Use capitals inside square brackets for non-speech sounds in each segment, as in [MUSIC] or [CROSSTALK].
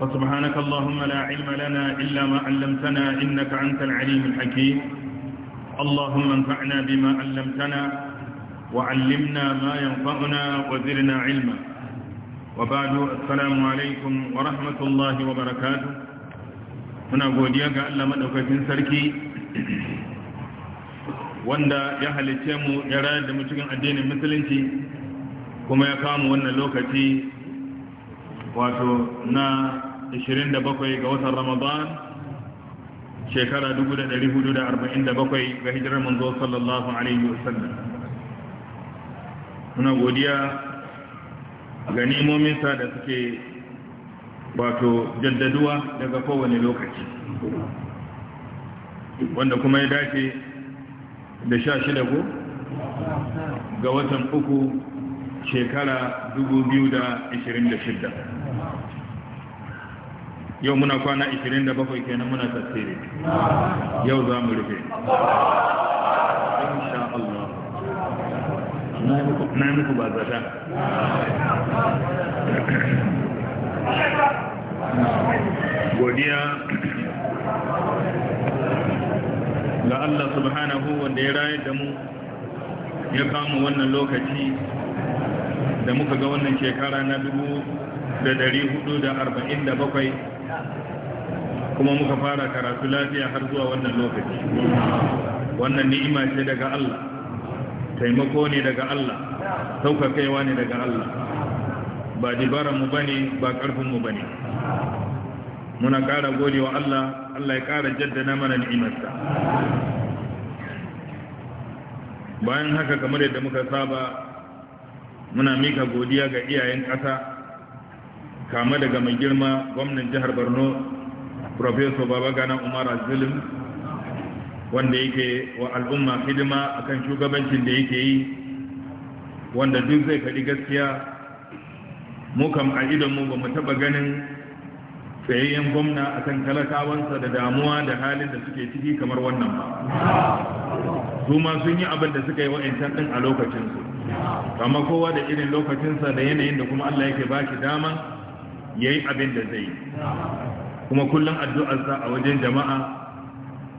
وسبحانك اللهم لا علم لنا إلا ما علمتنا إنك أنت العليم الحكيم اللهم انفعنا بما علمتنا وعلمنا ما ينفعنا وزرنا علما وبعد السلام عليكم ورحمة الله وبركاته هنا godiya ga Allah madaukakin sarki wanda ya halice mu ya rayar da mu cikin addinin musulunci kuma ya kama wannan lokaci wato na 27 ga watan ramadan shekara 1447 ga hijirar manzo sallallahu alaihi wasallam muna godiya ga nimominsa da suke wato jaddaduwa daga kowane lokaci wanda kuma ya dace da sha shida ko ga watan uku shekara 2026 yau muna kwana 27 kenan muna tattere yau za mu rufe na yi muku ba zata godiya ga Allah subhanahu wanda ya rayar da mu ya kama wannan lokaci da muka ga wannan shekara na dubu da dari hudu arba'in bakwai. kuma muka fara karatu lafiya har zuwa wannan lokaci wannan ni'ima ce daga Allah taimako ne daga Allah saukakaiwa ne daga Allah ba dibaran mu bane ba karfin mu bane muna ƙara gode wa Allah Allah ya ƙara jaddada mana ni'imarsa bayan haka kamar yadda muka saba muna mika godiya ga iyayen ƙasa kama daga mai girma gwamnan jihar borno professor babagana umar azilim wanda yake wa al'umma hidima akan shugabancin da yake yi wanda duk zai faɗi gaskiya mu kam a mu ba mu taɓa ganin tsayayyen gwamna akan talakawansa da damuwa da halin da suke ciki kamar wannan ba su ma sun yi abin da suka yi wa'ancan ɗin a lokacinsu kama kowa da irin lokacinsa da yanayin da kuma allah yake ba shi daman ya yi abin da zai yi kuma kullum addu'arsa a wajen jama'a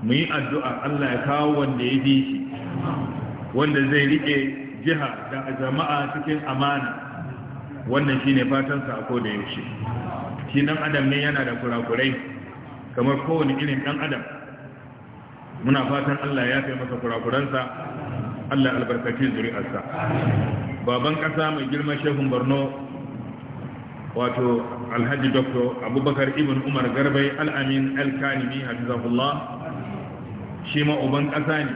mu yi addu'a Allah ya kawo wanda ya bi shi wanda zai riƙe jiha da jama'a cikin amana wannan shi ne fatansa a koda yaushe shi ɗan adam ne yana da kurakurai kamar kowane irin ɗan adam muna fatan Allah ya fi masa kurakuransa Allah albarkaci zuri'arsa baban ƙasa mai girma shehun borno wato alhaji dr abubakar ibn umar garbai al'amin alkanimi hafizahullah shi ma'uban ƙasa ne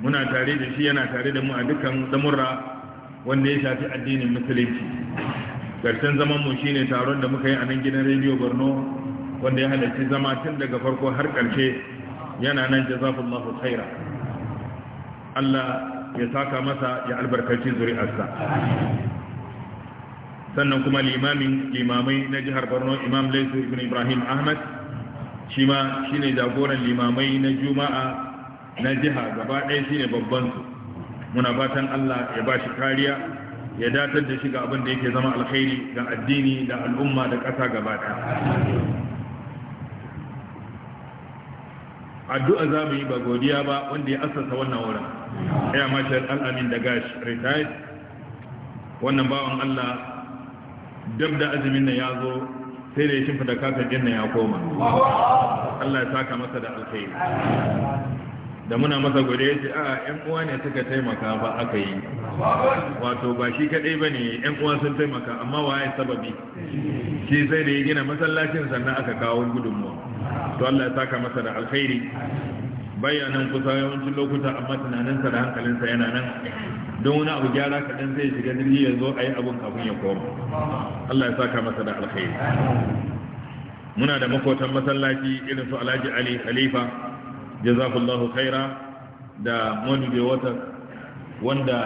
muna tare da shi yana tare da mu a dukkan zamurra wanda ya shafi addinin musulunci ƙarshen zaman mu shine taron da muka yi a nan gidan rediyo borno wanda ya halarci zama tun daga farko har ƙarshe, yana nan jazafullahu khaira Allah ya saka masa ya albarkaci zuri'arsa sannan kuma limamin limamai na jihar borno imam laisu ibn ibrahim ahmad shi ma shi ne jagoran limamai na juma'a na jiha gaba ɗaya shi ne babbansu muna fatan allah ya ba shi kariya ya datar da shi ga abin da yake zama alkhairi ga addini da al'umma da ƙasa gaba addu'a za mu yi ba godiya ba wanda ya asasa wannan wurin ya mashi al'amin da gashi retired wannan bawan Allah Duk da azumin nan ya zo sai da ya da kafin nan ya koma Allah ya saka masa da alkhairi da muna masa gode ya ce a yan uwa ne suka taimaka ba aka yi wato ba shi kadai ba ne yan uwa sun taimaka amma ya sababi shi sai da ya gina masallacin sannan aka kawo gudunmuwa to Allah ya saka masa da alkhairi bai a nan kusa yawancin lokuta amma tunaninsa da hankalinsa yana nan don wani abu gyara kaɗan zai shiga jirgi ya zo a yi abin kafin ya koma Allah ya saka masa da alkhairi muna da makotan masallaci irin su alhaji ali khalifa jazakallahu khaira da madubi wata wanda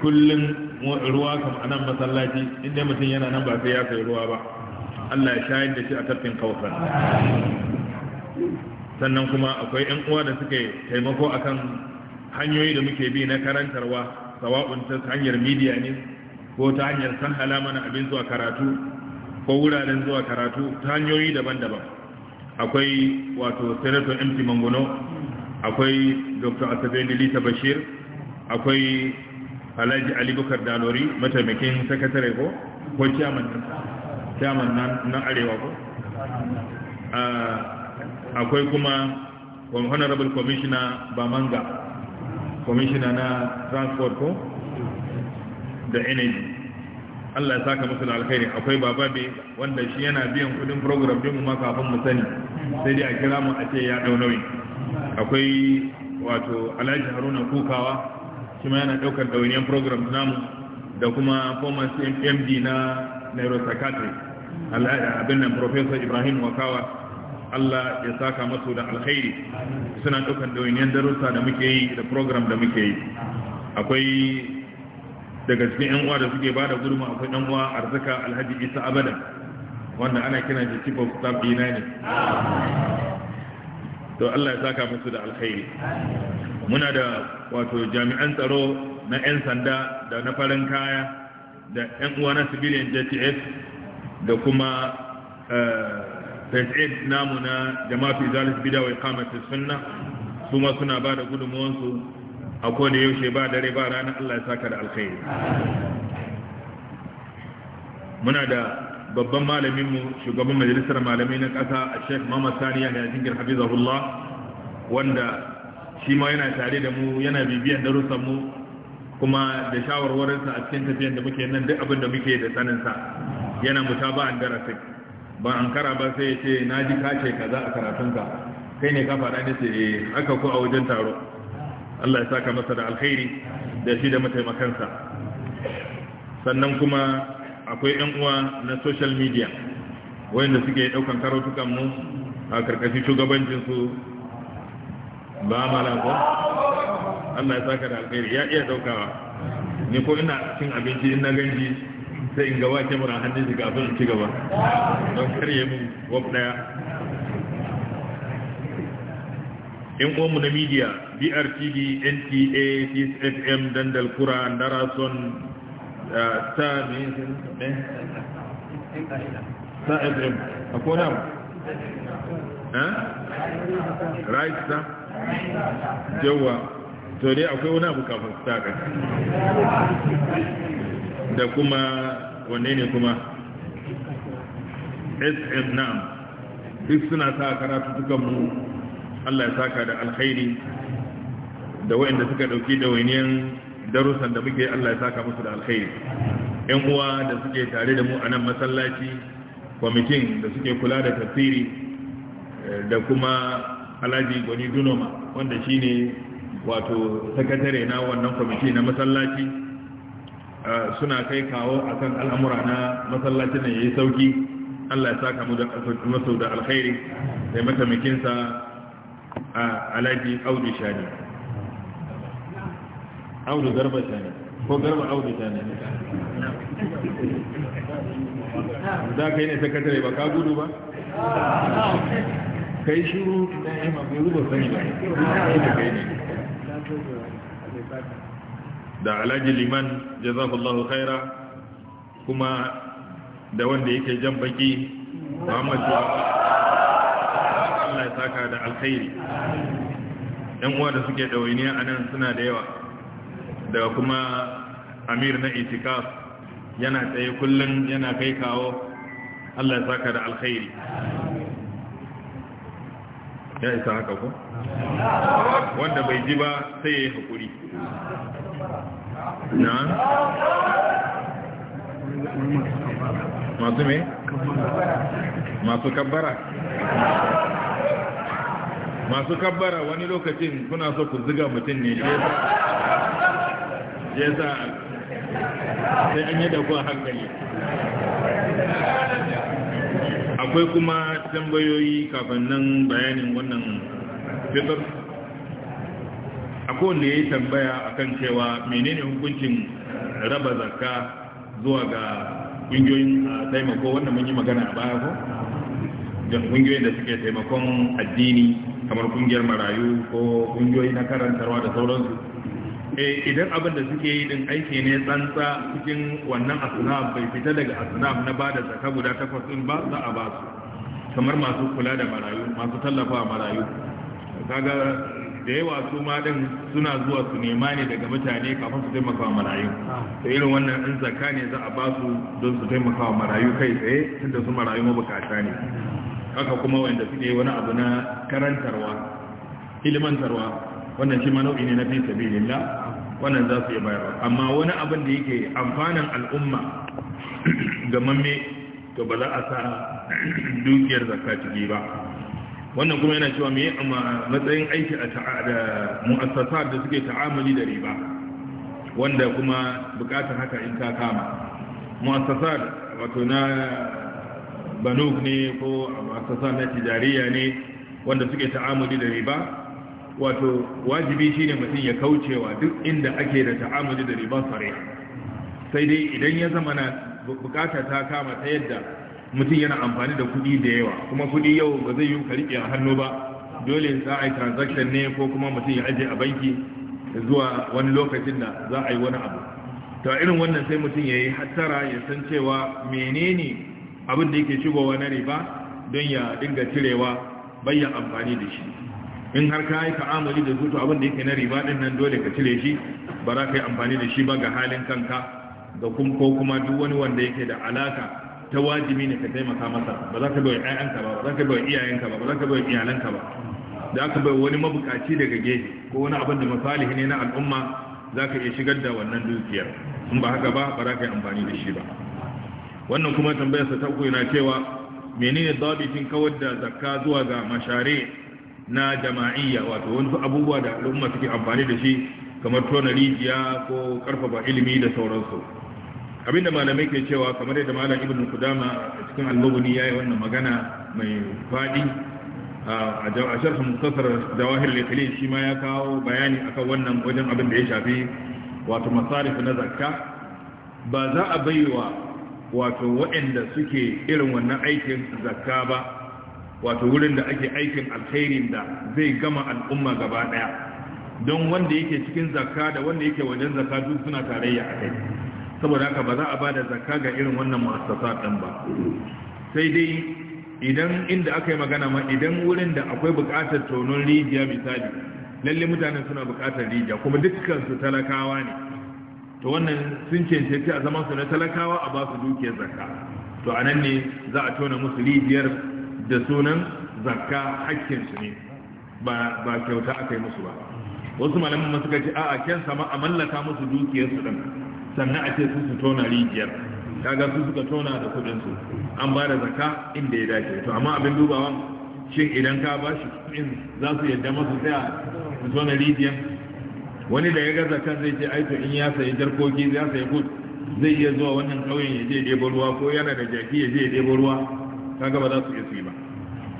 kullum ruwa kam a nan masallaci inda mutum yana nan ba sai ya sayi ruwa ba Allah ya shayar da shi a tattin kawsar sannan kuma akwai 'yan uwa da suke taimako akan hanyoyi da muke bi na karantarwa sawa'un ta hanyar midiya ne ko ta hanyar sahala mana abin zuwa karatu ko wuraren zuwa karatu ta hanyoyi daban-daban akwai wato senator mt mangono akwai dr asabeni lisa bashir akwai alhaji ali bukar dalori mataimakin sakatare ko ko chairman na arewa ko ah, akwai kuma honorable commissioner bamanga commissioner na transport ko da energy Allah ya saka musu da alkhairi akwai baba wanda shi yana biyan kudin program din ma kafin mu sani sai dai a kira mu a ce ya dau nauyi akwai wato Alhaji Haruna Kukawa shi ma yana daukar dawainiyan program namu da kuma former MD na Neuropsychiatry Alhaji abin nan Professor Ibrahim Wakawa Allah ya saka masu da alkhairi suna ɗaukar ɗawainiyar darussa da muke yi da program da muke yi akwai daga cikin yan uwa da suke ba da gurma akwai yan uwa arzika alhaji isa abada wanda ana kira shi chief of staff dina ne to Allah ya saka masu da alkhairi muna da wato jami'an tsaro na 'yan sanda da na farin kaya da 'yan uwa na civilian jts da kuma eh, fes'id namu na jama'a fi zalis bida wa iqamati sunna su ma suna ba da gudunmuwansu a kowane yaushe ba dare ba rana Allah ya saka da alkhairi muna da babban malaminmu shugaban majalisar malamai na ƙasa a sheikh Muhammad Sani ya jingir hafizahullah wanda shi ma yana tare da mu yana bibiyan darussan mu kuma da shawarwarinsa a cikin tafiyan da muke nan duk abin da muke da saninsa yana mutaba'an darasi ba an kara ba sai ce na ji kace kaza a karatunka kai ne ka faɗa ne sai eh, aka ku a wajen taro Allah ya saka masa da alkhairi da shi da mataimakansa sannan kuma akwai yan uwa na social media wayanda suke daukan karatukan mu a karkashin shugabancin su ba malako Allah ya saka da alkhairi ya iya daukawa ni ko ina cin abinci in na ganji sai in gaba kyamura hannun shi kafin in ci gaba don karye mu wab daya in uwanmu na media brtv nta fm dandal kura darason ta eh, ne ta fm a kona mu right sa yawa eh? eh? to dai akwai wani abu kafin ta kan da kuma wanne ne kuma sm nam duk suna sa karatu mu allah ya saka da alkhairi da wa'inda suka dauki da wainiyan darussan da muke allah ya saka musu da alkhairi yan uwa da suke tare da mu a nan masallaci kwamitin da suke kula da tafsiri eh, da kuma alhaji gwani dunoma wanda shine wato sakatare na wannan kwamiti na masallaci suna kai kawo akan al'amura na masallacin ya yi sauki Allah ya saka mu da maso da alkhairi sai mataimakinsa a alaji audu shani audu garba shani ko garba audu shani za ka yi ne sakatare ba ka gudu ba kai shiru na yi mafi zuba sani ba kai ne da alhaji liman jazakallahu khaira kuma da wanda yake jan baki muhammad Allah ya saka da alkhairi yan uwa da suke ɗawainiya a nan suna da yawa daga kuma amir na itikaf yana tsaye kullum yana kai kawo Allah ya saka da alkhairi ya isa haka ko wanda bai ji ba sai ya yi haƙuri masu me kabbara masu kabbara wani lokacin kuna so ku ziga mutum ne shi sa sai an yi dafuwa hankali akwai kuma tambayoyi kafin nan bayanin wannan fitar akwai wanda ya yi tambaya akan cewa menene hukuncin raba zakka zuwa ga kungiyoyin taimako wannan mun yi magana a baya ko kungiyoyin da suke taimakon addini kamar kungiyar marayu ko kungiyoyi na karantarwa da sauransu eh, idan abin da suke yi din aiki ne tsantsa cikin wannan asunan bai fita daga asunan na ba da zaka guda takwas din ba za a ba su kamar masu kula da marayu masu tallafa marayu kaga da yawa su ma din suna zuwa su nema ne daga mutane kafin su taimaka wa marayu da irin wannan in zakka ne za a ba su don su taimaka wa marayu kai tsaye tunda su marayu mabukata ne haka kuma wanda ne wani abu na karantarwa ilimantarwa wannan shi ma nau'i ne na fi sabilillah wannan za su iya bayarwa amma wani abin da yake amfanin al'umma [CLEARS THROAT] ga mamme to ba za a sa [CLEARS THROAT] dukiyar zakka ciki ba wannan kuma yana cewa amma matsayin aiki a mu'assasar da suke ta'amali da riba wanda kuma bukatar haka in ta kama mu'assasar wato na banuk ne ko mu'assasar na tijariya ne wanda suke ta'amali da riba wato wajibi shine mutum ya kaucewa duk inda ake da ta'amali da riba sare sai dai idan ya zama na bukata ta kama ta yadda mutum yana amfani da kuɗi da yawa kuma kuɗi yau ba zai yi ka a hannu ba dole za a yi transaction ne ko kuma mutum ya ajiye a banki zuwa wani lokacin da za a yi wani abu to irin wannan sai mutum ya yi hattara ya san cewa menene abin da yake shigowa na riba don ya dinga cirewa bayan amfani da shi in har ka yi ta'amali da zuto abin da yake na riba din nan dole ka cire shi ba za ka yi amfani da shi ba ga halin kanka da kuma ko kuma duk wani wanda yake da alaka ta wajibi ne ka taimaka masa ba za ka bai ƴaƴanka ba ba za ka bai iyayenka ba ba za ka bai iyalanka ba za ka bai wani mabukaci daga gefe ko wani abin da misali ne na al'umma za ka iya shigar da wannan dukiyar in ba haka ba ba za ka yi amfani da shi ba wannan kuma tambayarsa ta uku yana cewa menene dabitin kawar da zakka zuwa ga mashare na jama'iyya wato wani abubuwa da al'umma suke amfani da shi kamar tona rijiya ko karfafa ilimi da sauransu abinda malamai ke cewa kamar yadda malam ibnu kudama a cikin al-mughni yayi wannan magana mai fadi a sharh muktasar jawahir al-ikhlas shi ma ya kawo bayani akan wannan wajen abin da ya shafi wato masarif na zakka ba za a baiwa wato waɗanda suke irin wannan aikin zakka ba wato wurin da ake aikin alkhairin da zai gama al'umma gaba daya don wanda yake cikin zakka da wanda yake wajen zakka duk suna tarayya a kai saboda haka ba za a ba da zakka ga irin wannan mu'assasa ɗin ba sai dai idan inda aka yi magana ma idan wurin da akwai buƙatar tonon rijiya misali lalle mutanen suna buƙatar rijiya kuma dukkan su talakawa ne to wannan sun cancanci a zaman su na talakawa a ba su dukiyar zakka to a nan ne za a tona musu rijiyar da sunan zakka hakkin su ne ba kyauta aka yi musu ba wasu malaman suka ce a'a kyan sama a mallaka musu dukiyar su ɗin sannan a ce su su tona rijiyar kaga su suka tona da kudin su an ba da zaka inda ya dace to amma abin dubawan shin idan ka ba shi kudin za su yadda masu sai a su tona rijiyar wani da ya ga zakan zai ce aito in ya sayi jarkoki ya sayi kut zai iya zuwa wannan kauyen ya je ɗebo ruwa ko yana da jaki ya je ya ɗebo ruwa kaga ba za su iya su ba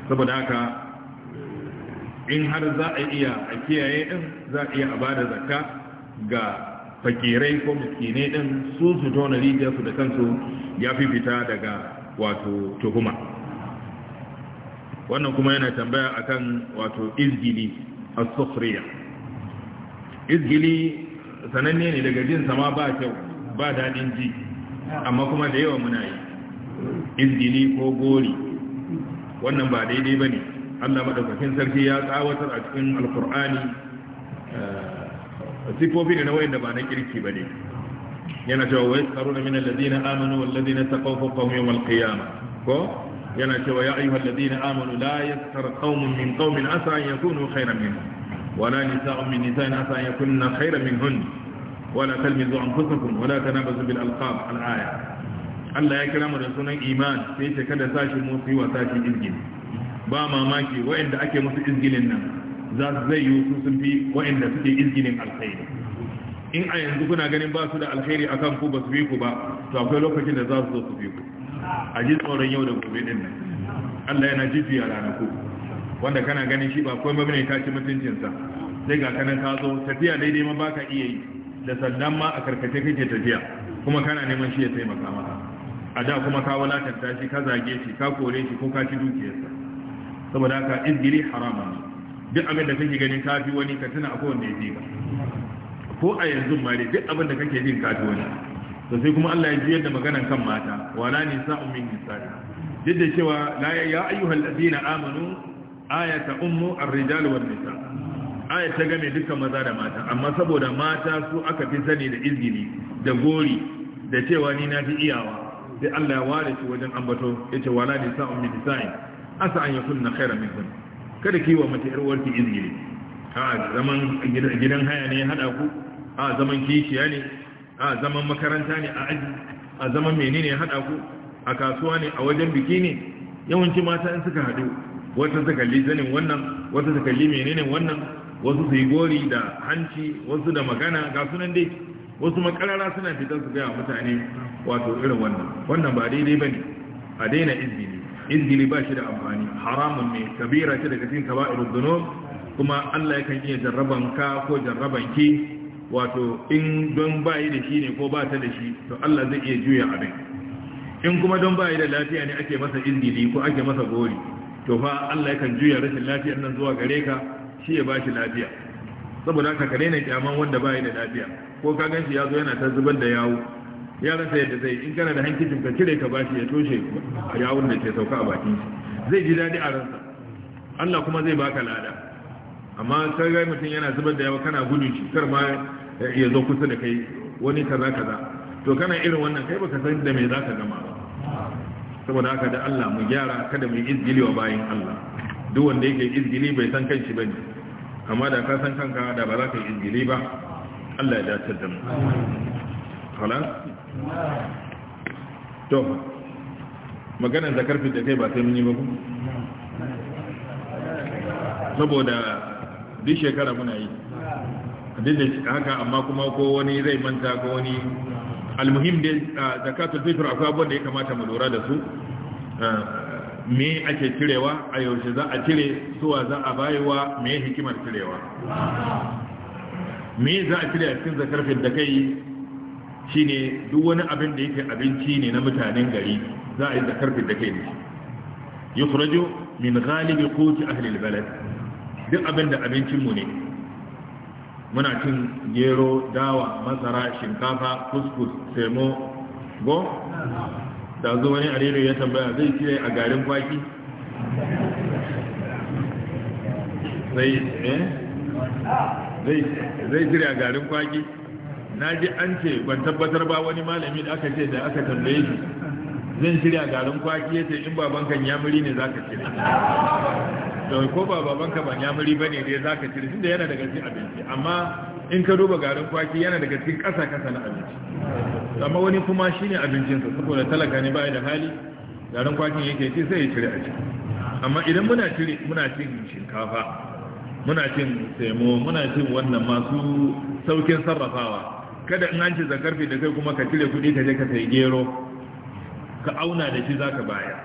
saboda haka in har za a iya a kiyaye din za a iya a ba da zakka ga fakirai ko miskine din su su tona su da kansu ya fi fita daga wato tuhuma wannan kuma yana tambaya akan wato izgili a izgili sananne ne daga jin sama ba kyau ba daɗin ji amma kuma da yawa muna yi izgili ko gori wannan ba daidai ba ne. Allah maɗaukakin sarki ya tsawatar a cikin alkur'ani eh, sifofi ne na wayanda ba na kirki ba ne. yana cewa wa yasqaruna min alladhina amanu wal ladina taqaw fawqahum yawm al qiyamah ko yana cewa ya ayyuhal ladina amanu la yasqar qaumun min qaumin asa an yakunu khayran ya ولا نساء من نساء عسى أن يكن خيرا منهن ولا تلمزوا أنفسكم ولا تنابزوا بالألقاب الآية Allah ya kira mu da sunan iman sai ce kada sashi musu yi wa sashi izgil ba mamaki waɗanda ake musu izgilin nan za su zai yi su sun fi waɗanda suke izginin alkhairi in a yanzu kuna ganin ba su da alkhairi kan ku ba su fi ku ba to akwai lokacin da za su zo su fi ku a ji tsoron yau da gobe din nan Allah yana a ranaku wanda kana ganin shi ba komai bane ka ci mutuncinsa sai ga kanan ka zo tafiya daidai ma ba ka iya yi da sandan ma a karkace kake tafiya kuma kana neman shi ya taimaka maka a da kuma ka walatanta shi ka zage shi ka kore shi ko ka ci dukiyarsa saboda haka izgiri harama duk abin da kake ganin kafi wani ka tuna akwai wanda ya fi ko a yanzu ma dai duk abin da kake jin kafi wani to sai kuma Allah ya ji da maganan kan mata wala nisa'un min nisa'i duk da cewa la ya ayyuhal ladina amanu ayata ummu ar-rijal wan nisa aya ta game dukkan maza da mata amma saboda mata su aka fi sani da izini da gori da cewa ni na fi iyawa sai Allah ya ware shi wajen ambato yace wala nisa'un min nisa'i asa an yakunna khairan minkum kada ki wa mace yar uwarki izgiri a zaman gidan haya ne hada ku a zaman kishiya ne a zaman makaranta ne a aji a zaman menene hada ku a kasuwa ne a wajen biki ne yawanci mata in suka hadu wata ta kalli zanin wannan wata ta kalli menene wannan wasu su yi gori da hanci wasu da magana ga sunan dai wasu makarara suna fitar su gaya mutane wato irin wannan wannan ba daidai ba ne a daina izini izgili ba shi da amfani haramun ne kabira ce daga cikin kaba'irud dhunub kuma Allah yakan iya jarraban ka ko jarraban ki wato in don bayi da shi ne ko ba ta da shi to Allah zai iya juya abin in kuma don bayi da lafiya ne ake masa izgili ko ake masa gori to fa Allah yakan juya rashin lafiyar nan zuwa gare ka shi ya bashi lafiya saboda haka kare ne kyaman wanda bayi da lafiya ko ka ganshi ya zo yana ta zubar da yawo ya rasa yadda zai in kana da hankicin ka cire ka bashi ya toshe yawun da ke sauka a bakin zai ji daɗi a ransa Allah kuma zai baka lada amma kai ga mutum yana zubar da yawa kana gudu shi kar ma ya zo kusa da kai wani kaza kaza to kana irin wannan kai baka san da me zaka gama ba saboda haka da Allah mu gyara kada mu izgili wa bayin Allah duk wanda yake izgili bai san kanshi ne, amma da ka san kanka da ba za ka yi izgili ba Allah ya dace da mu halas to maganar zakar fita kai ba sai mun yi ba saboda duk shekara muna yi duk da haka amma kuma ko wani zai manta ko wani almuhim da zakatul fitr akwai abubuwan da ya kamata mu lura da su me ake cirewa a yaushe za a cire suwa za a bayewa me hikimar cirewa me za a cire a cikin zakar da kai shine duk wani abin da yake abinci ne na mutanen gari za a yi zakarfin da kai ne yukhraju min ghalibi quti ahli albalad duk abin da abincin mu ne muna cin gero dawa masara shinkafa kuskus semo go da zo wani a ya tambaya zai cire a garin kwaki zai eh? cire a garin kwaki na ji an ce ban tabbatar ba wani malami da aka ce da aka tambaye shi zan shirya garin kwaki ya ce in babanka muri ne za ka shirya da ko ba babanka ban muri ba ne dai za ka shirya tunda yana daga cikin abinci amma in ka duba garin kwaki yana daga cikin ƙasa-ƙasa na abinci amma wani kuma shi ne abincinsa saboda talaka ne baya da hali garin kwakin yake ci sai ya cire a ciki amma idan muna cire muna cin shinkafa muna cin semo muna cin wannan masu saukin sarrafawa kada in an ce zakar fi da kai kuma ka cire kuɗi ka je ka sai gero ka auna da shi za ka baya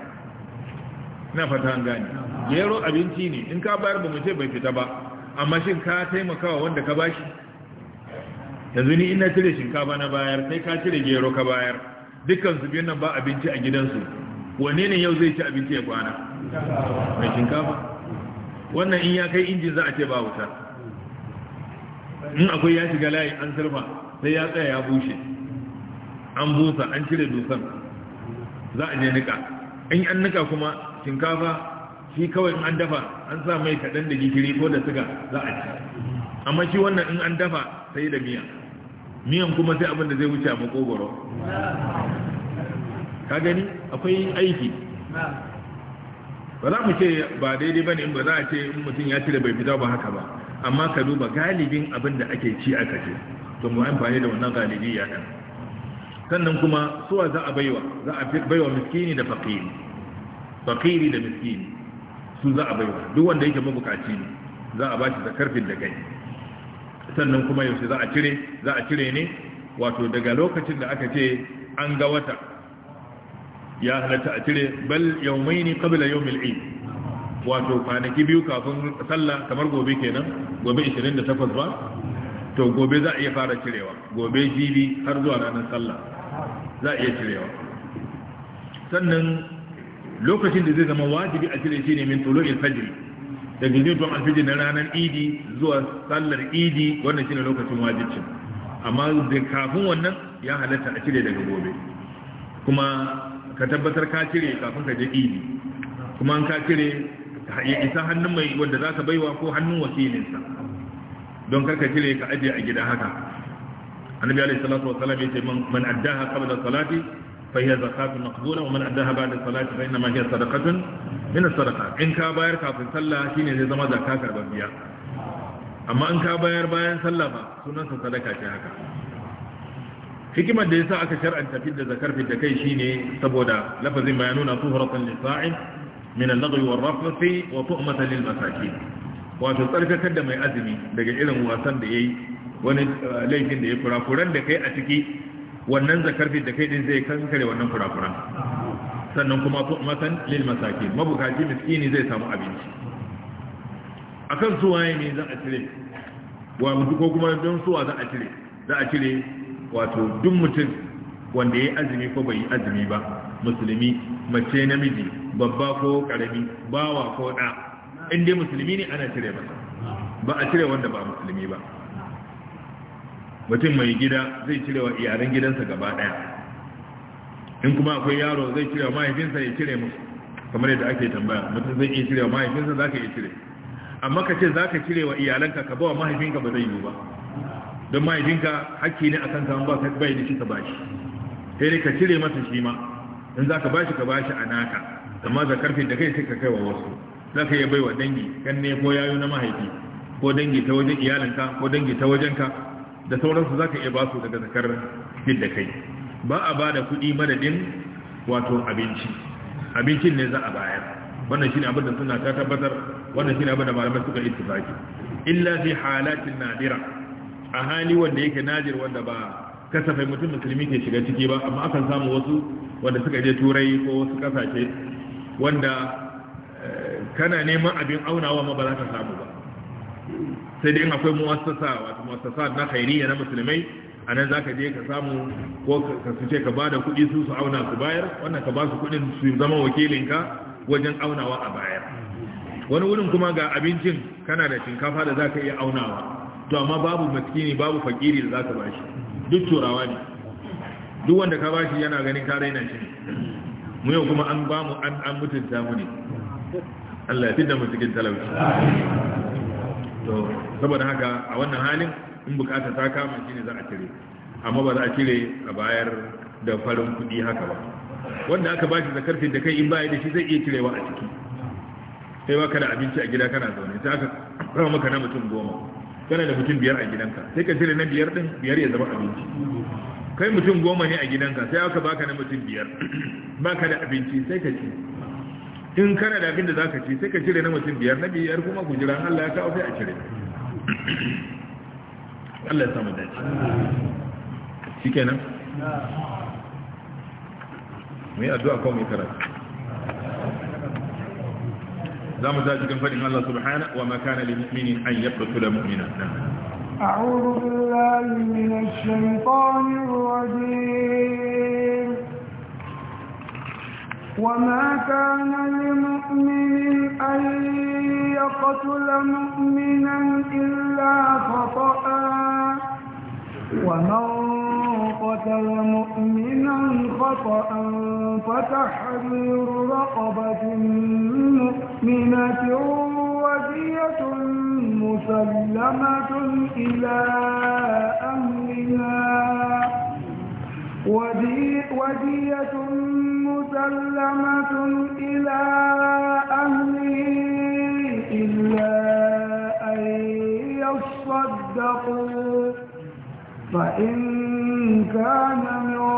na fata an gani gero abinci ne in ka bayar ba mu ce bai fita ba amma shin ka taimakawa wanda ka bashi yanzu ni ina cire shinkafa na bayar sai ka cire gero ka bayar dukkan su biyan nan ba abinci a gidansu wane ne yau zai ci abinci ya kwana mai shinkafa wannan in ya kai injin za a ce ba wuta in akwai ya shiga layi an sirfa sai ya tsaya ya bushe an busa an cire dusan za a je nika in an nika kuma shinkafa shi kawai in an dafa an sa mai kaɗan da gishiri ko da suga za a ci amma shi wannan in an dafa sai da miya miyan kuma sai abin da zai wuce a makogoro ka gani akwai aiki ba za mu ce ba daidai ba ne ba za a ce in mutum ya cire bai fita ba haka ba amma ka duba galibin abin da ake ci aka ce to mu amfani da wannan galibiyya din sannan kuma suwa za a baiwa za a baiwa miskini da fakiri fakiri da miskini su za a baiwa duk wanda yake mabukaci ne za a bashi zakarfin da kai sannan kuma yaushe za a cire za a cire ne wato daga lokacin da aka ce an ga wata ya halatta a cire bal yawmaini qabla yawmil eid wato kwanaki biyu kafin sallah kamar gobe kenan gobe 28 ba to gobe za a iya fara cirewa gobe jibi har zuwa ranar sallah za a iya cirewa sannan lokacin da zai zama wajibi a cire shi ne min tulo ilfajiri da tuwon alfijin na ranar idi zuwa sallar idi wannan shi ne lokacin wajibcin amma da kafin wannan ya halatta a cire daga gobe kuma ka tabbatar ka cire kafin ka je idi kuma an ka cire ya isa hannun mai wanda za ka baiwa ko hannun wasilinsa don karka cire ka aje a gida haka annabi alaihi salatu wasallam yace man addaha qabla salati fa hiya zakatun maqbula wa man addaha ba'da salati fa inma hiya sadaqatun min as-sadaqat in ka bayar kafin sallah shine zai zama zakka karbabbiya amma in ka bayar bayan sallah ba sunan sa sadaka ce haka hikimar da yasa aka shar'anta da zakar da kai shine saboda lafazin bayanuna tuhratan lisa'in min al-lagwi war-rafthi wa tu'matan lil-masakin wato tsarkakar da mai azumi daga irin wasan da ya yi wani eh, laifin da ya kurakuran da kai a ciki wannan zakarfi da kai din zai kankare wannan kurakuran sannan kuma matan lil masaki mabukaci miskini zai samu abinci akan suwa ne za a cire wa mutu ko kuma don suwa za a cire za a cire wato duk mutum wanda ya yi azumi ko bai yi azumi ba musulmi mace namiji babba ko karami bawa ko ɗa in musulmi ne ana cire masa ba a cire wanda ba musulmi ba mutum mai gida zai cire wa iyalan gidansa gaba daya in kuma akwai yaro zai cire wa mahaifinsa ya cire musu kamar yadda ake tambaya mutum zai iya cire wa mahaifinsa za ka iya cire amma ka ce za ka cire wa iyalanka ka ba wa mahaifinka ba zai yi ba don mahaifinka hakki ne a kan ka ba bai da shi ka bashi sai ne ka cire masa shi ma in za ba bashi ka bashi a naka amma da karfe da kai sai ka kai wa wasu za ka iya baiwa dangi ganne ko yayo na mahaifi ko dangi ta wajen iyalinka ko dangi ta wajenka da sauransu za ka iya basu daga zakar fit da kai ba a ba da kuɗi madadin wato abinci abincin ne za a bayar wannan shi ne abin da suna ta tabbatar wannan shi ne abin da malamai suka zaki illa fi halatin nadira a hali wanda yake nadir wanda ba kasafai mutum musulmi ke shiga ciki ba amma akan samu wasu wanda suka je turai ko wasu kasashe wanda kana neman abin aunawa ma ba za ka samu ba sai dai akwai muwassasa wato muwassasa na khairiyya na musulmai a nan za ka je ka samu ko ka su ce ka ba da kuɗi su su auna su bayar wannan ka ba su kuɗin su zama ka wajen aunawa a bayar wani wurin kuma ga abincin kana da shinkafa da za ka iya aunawa to amma babu maskini babu fakiri da za ka ba shi duk turawa ne duk wanda ka ba shi yana ganin ka raina shi mu yau kuma an ba mu an mutunta mu ne Allah ya fidda mu cikin talauci to saboda haka a wannan halin in bukata ta kama shine za a cire amma ba za a cire a bayar da farin kudi haka ba wanda aka shi da karfin da kai in baya da shi zai iya cirewa a ciki sai ba kada abinci a gida kana zaune sai aka kama maka na mutum goma kana da mutum biyar a gidanka sai ka cire na biyar din biyar ya zama abinci kai mutum goma ne a gidanka sai aka baka na mutum biyar ka da abinci sai ka ci in kana da abin da za ka ci sai ka cire na mutum biyar na biyar kuma ku jira Allah ya kawo sai a cire Allah ya samu dace shi kenan mu yi addu'a kawo mai karatu za mu za cikin faɗin Allah subhana wa makana lil mu'minin an yaqtula mu'mina أعوذ بالله من الشيطان الرجيم وما كان لمؤمن أن يقتل مؤمنا إلا خطأ ومن قتل مؤمنا خطأ فتحرير رقبة مؤمنة ودية مسلمة إلى أمرنا ودية مسلمة إلى أهله إلا أن يصدقوا فإن كان من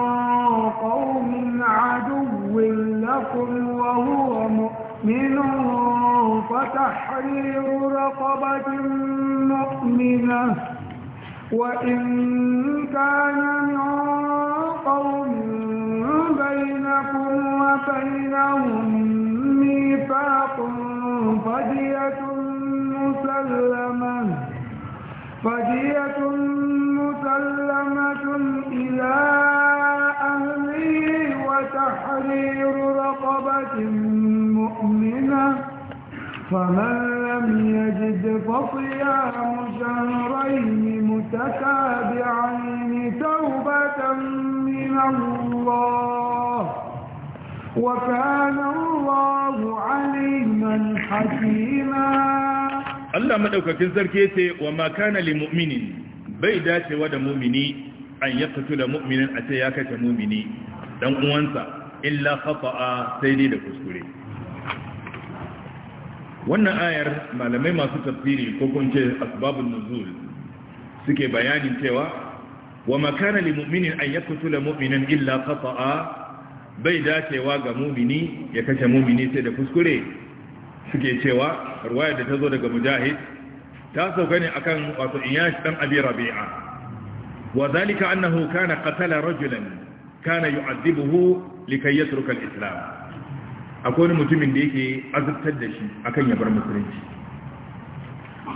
قوم عدو لكم وهو مؤمن فتحرير رقبة مؤمنة وإن كان من قوم بينكم وبينهم ميثاق فدية مسلمة فدية مسلمة إلى أهله وتحرير رقبة مؤمنة فمن لم يجد فصيام شهرين متتابعين توبة من الله وكان الله عليما حكيما الله مدوكاكين سركي yace wa ma kana lil mu'minin bai dacewa da mu'mini an yaqtula a ce ya kace mu'mini dan uwansa illa khata'a sai dai da kuskure wannan ayar malamai masu tafsiri ko kunce asbabun nuzul suke bayanin cewa wa ma kana lil mu'minin an yaqtula mu'minan illa khata'a bai dacewa ga mumini ya kashe mumini sai da fuskure suke cewa ruwaya da ta zo daga mujahid ta sauka ne akan wato iyashi dan abi rabi'a wa zalika annahu kana qatala rajulan kana yu'adibuhu likay yatruka al-islam akwai mutumin da yake azabtar da shi akan ya bar musulunci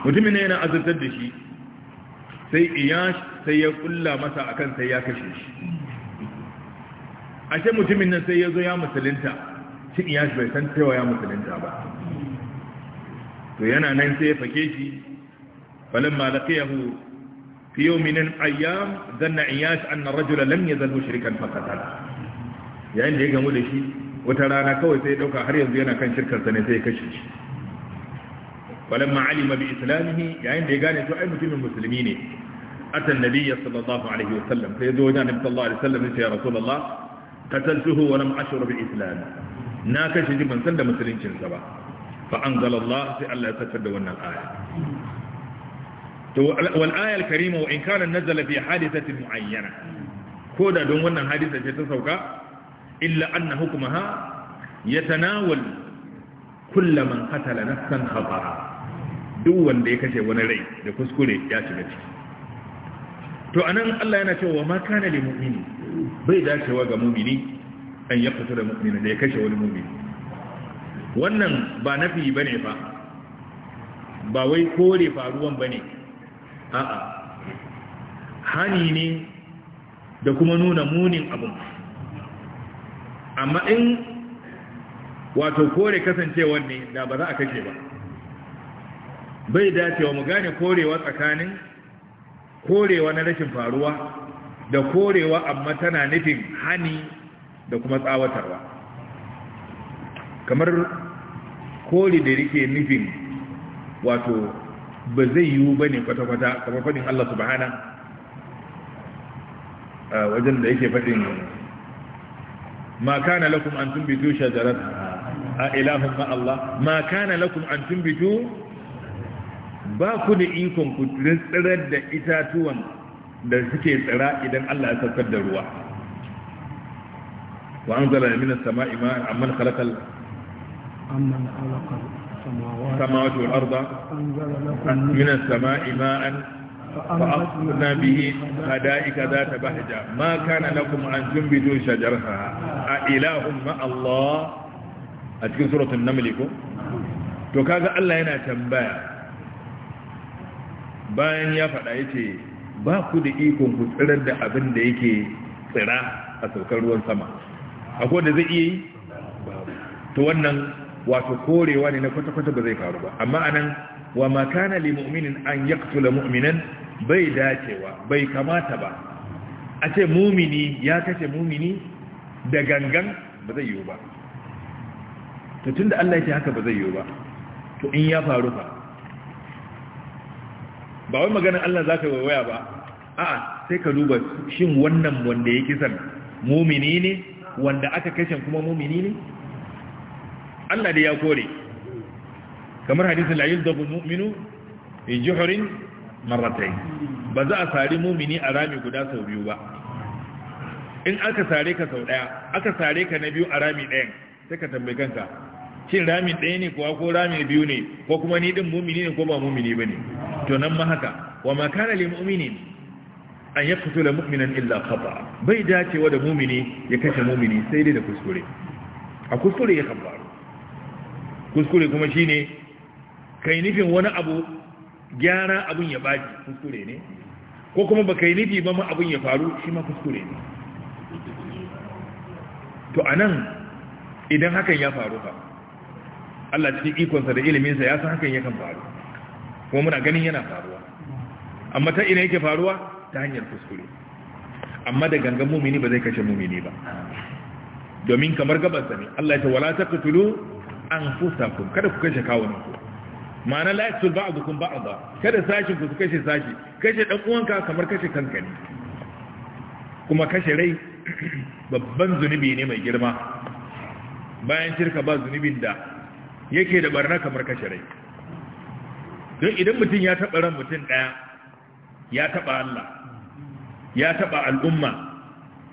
mutumin ne yana azabtar da shi sai iyash sai ya kulla masa akan sai ya kashe shi ashe mutumin nan sai ya zo ya musulunta shi shi bai san cewa ya musulunta ba to yana nan sai ya fake shi falamma laqiyahu fi yawmin min ayyam dhanna iyash anna ar-rajula lam yazal mushrikan faqatala yayin da ya gamu da shi wata rana kawai sai ya dauka har yanzu yana kan shirkar sa ne sai ya kashe shi falamma alima bi islamihi yayin da ya gane to ai mutumin musulmi ne atan nabiyyi sallallahu alaihi wasallam sai ya zo wajen annabi sallallahu alaihi wasallam ya ce ya rasulullah qataltuhu wa lam ashur bi islam na kashe ban san da musuluncin ba fa anzalallahu sai Allah ya saukar da wannan aya to wal aya al karima wa in kana nazala fi hadithatin muayyana ko da don wannan hadisa ce ta sauka illa anna hukmaha yatanawal kullu man qatala nafsan duk wanda ya kashe wani rai da kuskure ya shiga ciki to nan Allah yana cewa ma kana mu'mini bai dacewa ga mumini an ya fita da mumini da ya kashe wani mumini wannan ba nafi bane fa ba wai kore faruwan bane a'a hani ne da kuma nuna munin abin. amma in wato kore kasancewar ne da ba za a kashe ba bai dacewa mu gane korewa tsakanin korewa na rashin faruwa da korewa amma tana nufin hani da kuma tsawatarwa kamar kore da rike nufin wato ba zai yiwu ba ne kwata-kwata kamar faɗin Allah subhana a wajen da yake faɗin ma kana lakum an tumbitu shajarar a ilahun Allah. ma kana lakum an tumbitu ba ku da ikon ku tsirar da itatuwan da suke tsira idan Allah ya saukar da ruwa wa anzala minas sama'i ma'an amman khalaqal amman khalaqal السماوات والأرض من السماء ماء فأخذنا به هدائك ذات بهجة ما كان لكم أن تنبتوا شجرها أإله مع الله أتكين سورة النمل to kaga Allah yana tambaya bayan ya faɗa ba ku da ikon ku tsirar da abin da yake tsira a saukar ruwan sama akwai da zai iya yi to wannan wato korewa ne na kwata-kwata ba zai faru ba amma anan wa makana li mu'minin an yaqtula mu'minan bai dacewa bai kamata ba a ce mumini ya kashe mumini da gangan ba zai yiwu ba to tunda Allah ya ce haka ba zai yiwu ba to in ya faru fa ba wai maganin Allah za ka waya ba a'a sai ka duba shin wannan wanda ya kisan mumini ne wanda aka kashe kuma mumini ne Allah da ya kore kamar hadisin la yuzdabu mu'minu bi juhrin marratayn ba za a sari mumini a rami guda sau biyu ba in aka sare ka sau daya aka sare ka na biyu a rami ɗayan sai ka tambayi kanka shin rami ɗaya ne kuwa ko rami biyu ne ko kuma ni ɗin mumini ne ko ba mumini ba ne to nan ma haka wa ma kana lil mu'minin an yaqtula mu'minan illa khata bai dacewa da mu'mini ya kashe mu'mini sai dai da kuskure a kuskure ya kabbaru kuskure kuma shine kai nufin wani abu gyara abun ya baki kuskure ne ko kuma ba kai nufi ba ma abun ya faru shi ma kuskure ne to anan idan hakan ya faru ba Allah cikin ikonsa da iliminsa ya san hakan yakan faru kuma muna ganin yana faruwa amma ta ina yake faruwa ta hanyar kuskure amma da gangan mumini ba zai kashe mumini ba domin kamar gabansa ne Allah ya ce wala taqtulu anfusakum kada ku kashe kawunanku ma'ana la yaqtul ba'dukum ba'dha kada sashin ku kashe sashi kashe dan uwanka kamar kashe kanka ne kuma kashe rai [CLEARS THROAT] babban zunubi ne mai girma bayan shirka ba zunubin da yake da barna kamar kashe rai don idan mutum ya taɓa ran mutum ɗaya ya taɓa Allah ya taɓa al'umma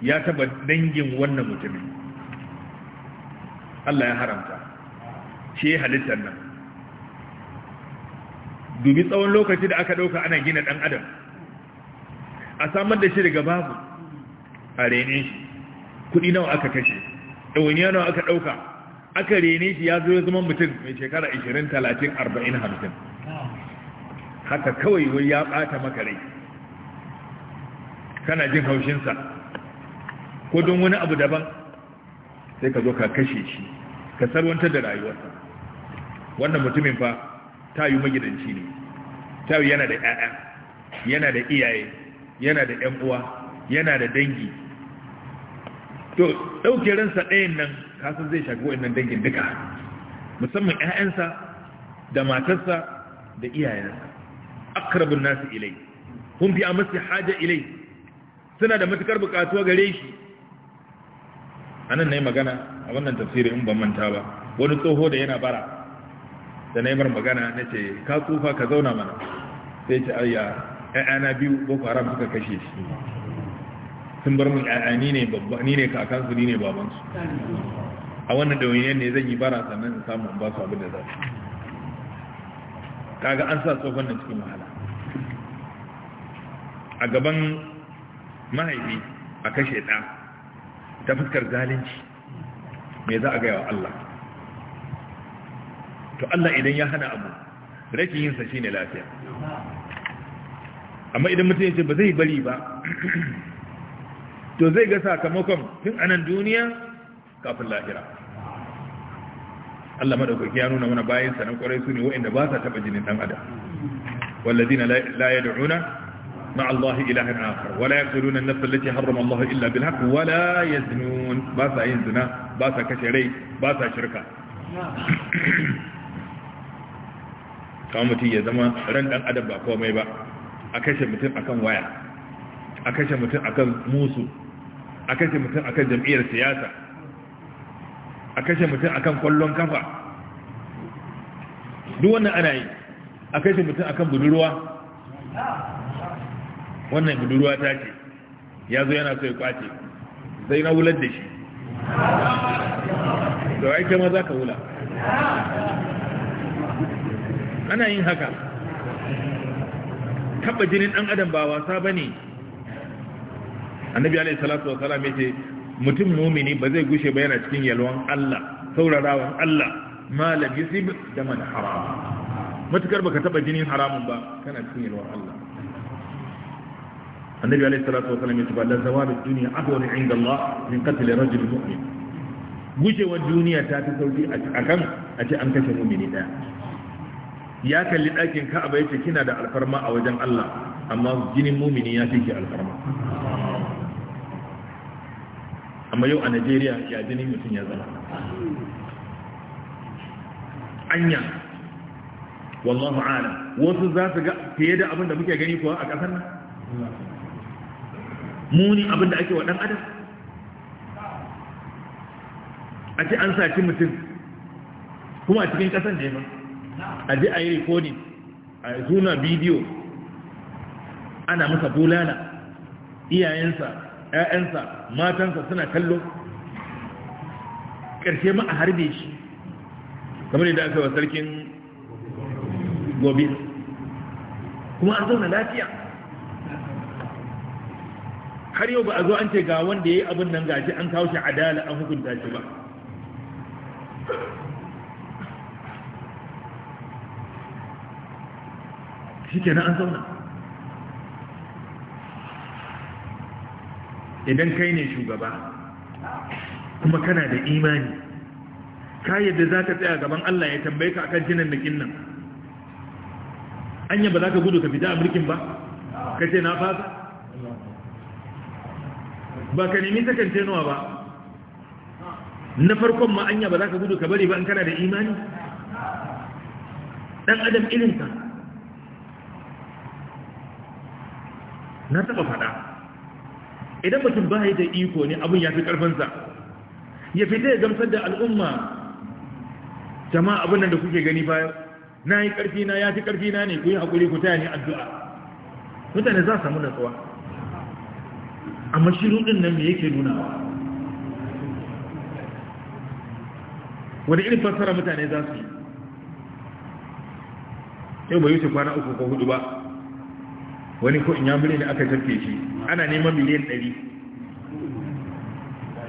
ya taɓa dangin wannan mutumin Allah ya haramta shi halittar nan dubi tsawon lokaci da aka ɗauka ana gina ɗan adam a samar da shi daga babu a rene shi kuɗi nawa aka kashe ɗauniya nawa aka ɗauka aka rene shi ya zo ya zama mutum mai shekara 20 30 40 50 haka kawai wani ya ɓata maka rai kana jin haushinsa ko don wani abu daban sai ka zo ka kashe shi ka sarwantar da rayuwarsa wannan mutumin fa ta yi magidanci ne ta yi yana da 'ya'ya yana da iyaye yana da 'yan uwa yana da dangi to ɗauke ransa ɗayan nan kasar zai shafi wa'in dangin duka musamman 'ya'yansa da matarsa da iyayensa akrabun nasu ilai kun fi a masu haja ilai suna da matukar bukatuwa gare shi na yi magana a wannan tafsiri in ban manta ba wani tsoho da yana bara da na yi mar magana na ce, ka tsufa ka zauna mana sai ce ayya 'Ya'yana biyu boko haram suka kashe shi sun bar mun ƴaƴa ni ne babba ni ne kakansu ni ne babansu a wannan dawainiyar ne zan yi bara sannan in samu in ba su abin da za su kaga an sa tsohon nan cikin wahala a gaban mahaifi a kashe ɗa ta fuskar zalunci me za a gaya wa Allah to Allah idan ya hana abu rashin yinsa shi ne lafiya amma idan mutum ya ce ba zai bari ba to zai ga sakamakon tun anan duniya kafin lahira Allah madaukaki ya nuna mana bayan sanan kwarai su ne waɗanda ba sa taba jinin dan adam wallazina la yad'una ma'a Allah ilahan akhar wa la yaqtuluna an-nafs allati harrama Allah illa bil haqq wa la yaznun ba sa yin zina ba sa kashe rai ba sa shirka kawo mutum ya zama ran dan adam ba komai ba a kashe mutum akan waya a kashe mutum akan musu a kashe mutum akan jam'iyyar siyasa a kashe mutum a kan kwallon kafa duk wannan ana yi a kashe mutum a kan budurwa wannan budurwa ta ce ya zo yana so ya kwace sai na wular da shi da aike ma za ka wula ana yin haka taɓa jinin ɗan adam ba wasa ba ne annabi alaihi salatu wasalam ya ce mutum mumini ba zai gushe ba yana cikin yalwan Allah saurarawan Allah malam yusib da man haram matukar baka taba jinin haramun ba kana cikin yalwan Allah annabi alaihi salatu wasallam yace balla zawabid dunya adwan inda Allah min qatl rajul mu'min gushewar duniya ta ta sauki a kan a ce an kashe mumini daya ya kalli ɗakin ka'aba yace kina da alfarma a wajen Allah amma jinin mumini ya fi ki alfarma amma yau a najeriya ya jini mutum ya zama anya wallahu ala wasu za su ga fiye da abin da muke gani kuwa a ƙasar nan muni abin da ake wa ɗan adam a ce an saci mutum kuma a cikin ƙasar ne ma. a ji a yi rikoni, a suna bidiyo ana masa bulala iyayensa ƴaƴansa matansa suna kallo ƙarshe ma a harbe shi kamar yadda aka yi wa sarkin gobe kuma an zauna lafiya har yau ba a zo an ce ga wanda ya yi abin nan gashi an kawo shi adala an hukunta shi ba shi kenan an zauna idan kai ne shugaba kuma kana da imani ka yadda za ka tsaya gaban Allah ya tambaye ka akan jinin da nan anya ba za ka gudu ka fita a mulkin ba ka ce na fasa ba ka nemi sakan nuwa ba na farkon ma anya ba za ka gudu ka bari ba in kana da imani dan adam ilinka na taɓa fada idan mutum ba da iko ne abin ya fi ƙarfinsa ya fi ya gamsar da al'umma jama abin nan da kuke gani baya na yi ƙarfi na ya fi ƙarfi na ne ku yi haƙuri ku taya ni addu'a mutane za samu natsuwa amma mashirin rudin nan mai yake nunawa wani irin fassara mutane za su yi yau bai yi kwana uku ko hudu ba wani ko in ya mure ne aka karfe shi ana neman miliyan 100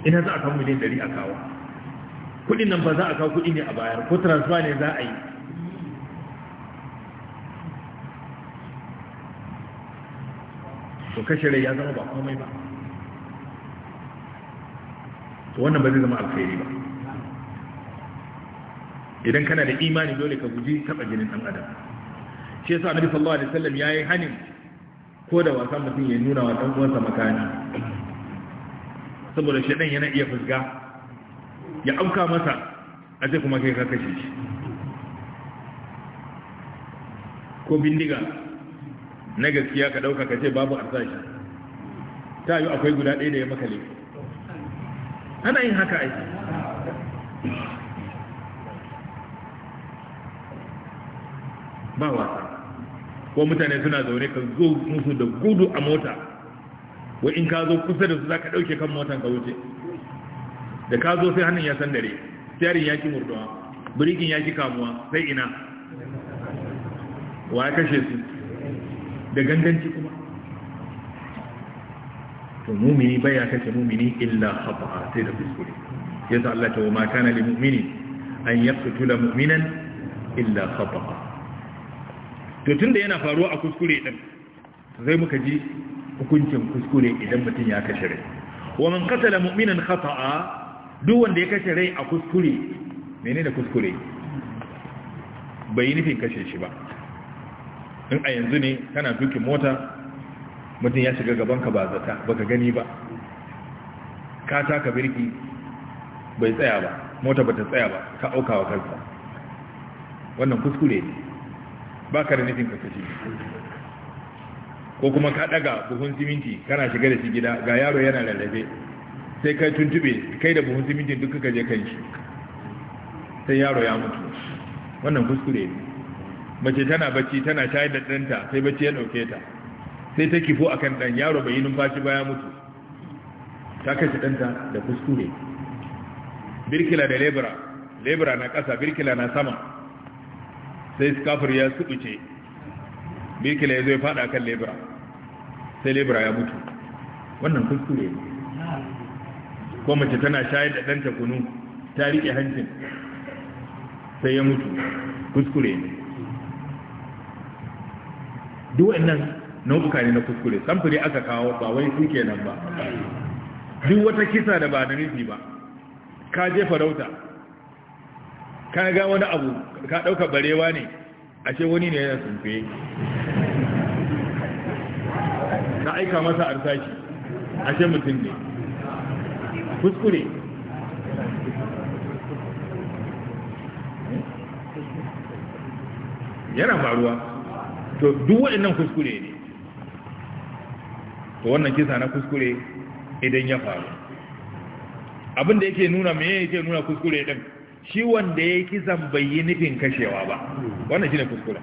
ina za a kawo miliyan 100 a kawo kudin nan ba za a kawo kudi ne a bayar ko transfer ne za a yi to kashe rai ya zama ba komai ba to wannan ba zai zama alfairi ba idan kana da imani dole ka guji taba jinin dan adam shi yasa annabi sallallahu alaihi wasallam yayi hanin ko da wasan mutum ya nuna wa ɗan uwansa makani saboda shaɗan yana iya fusga ya auka masa a ce kuma kai ka kashe shi ko bindiga na gaskiya ka ɗauka ka ce babu sashi ta yi akwai guda ɗaya da ya makale ana yin haka aiki ko mutane suna zaune ka zo musu da gudu a mota wa in ka zo kusa da su za ka ɗauke kan motan ka wuce da ka zo sai hannun ya san dare siyarin ya ki murduwa birikin ya ki kamuwa sai ina wa ya kashe su da ganganci kuma to mumini baya kashe mumini illa khata sai da kuskure yasa Allah ta wa ma kana lil mu'mini an yaqtula mu'minan illa khata to tun da yana faruwa a kuskure ɗin, zai muka ji hukuncin kuskure idan mutum ya kashe rai wa man qatala mu'minan khata'a duk wanda ya kashe rai a kuskure menene kuskure bai nufin kashe shi ba in a yanzu ne kana dukin mota mutum ya shiga gaban ka ba zata baka gani ba ka taka birki bai tsaya ba mota bata tsaya ba ka auka wa kansa wannan kuskure ne ba ka da nufin ka kashe ko kuma ka daga buhun siminti kana shiga da shi gida ga yaro yana lalabe sai kai tuntube kai da buhun siminti duk ka je kan shi sai yaro ya mutu wannan kuskure ne mace tana bacci tana shayar da ɗanta sai bacci ya ɗauke ta sai ta kifo akan ɗan yaro bai yi numfashi ba ya mutu ta kashe danta da kuskure birkila da lebura lebura na kasa, birkila na sama sai kafir ya subuce bikila ya zai fada kan lebra sai lebra ya mutu wannan kuskure ne ko mace tana shayar da ɗanta kunu ta riƙe hancin sai ya mutu kuskure ne duk nan nau'uka ne na kuskure samfuri aka kawo ba wai su nan ba duk wata kisa da ba da nufi ba ka je farauta ka ga wani abu ka ɗauka barewa ne ashe wani ne yana sunfe na aika masa arsashi ashe mutum ne kuskure yana faruwa to duk waɗannan kuskure ne to wannan kisa na kuskure idan ya faru abinda yake nuna me yake nuna kuskure ɗin? shi wanda ya yi kisan bai yi nufin kashewa ba wannan shi ne kuskure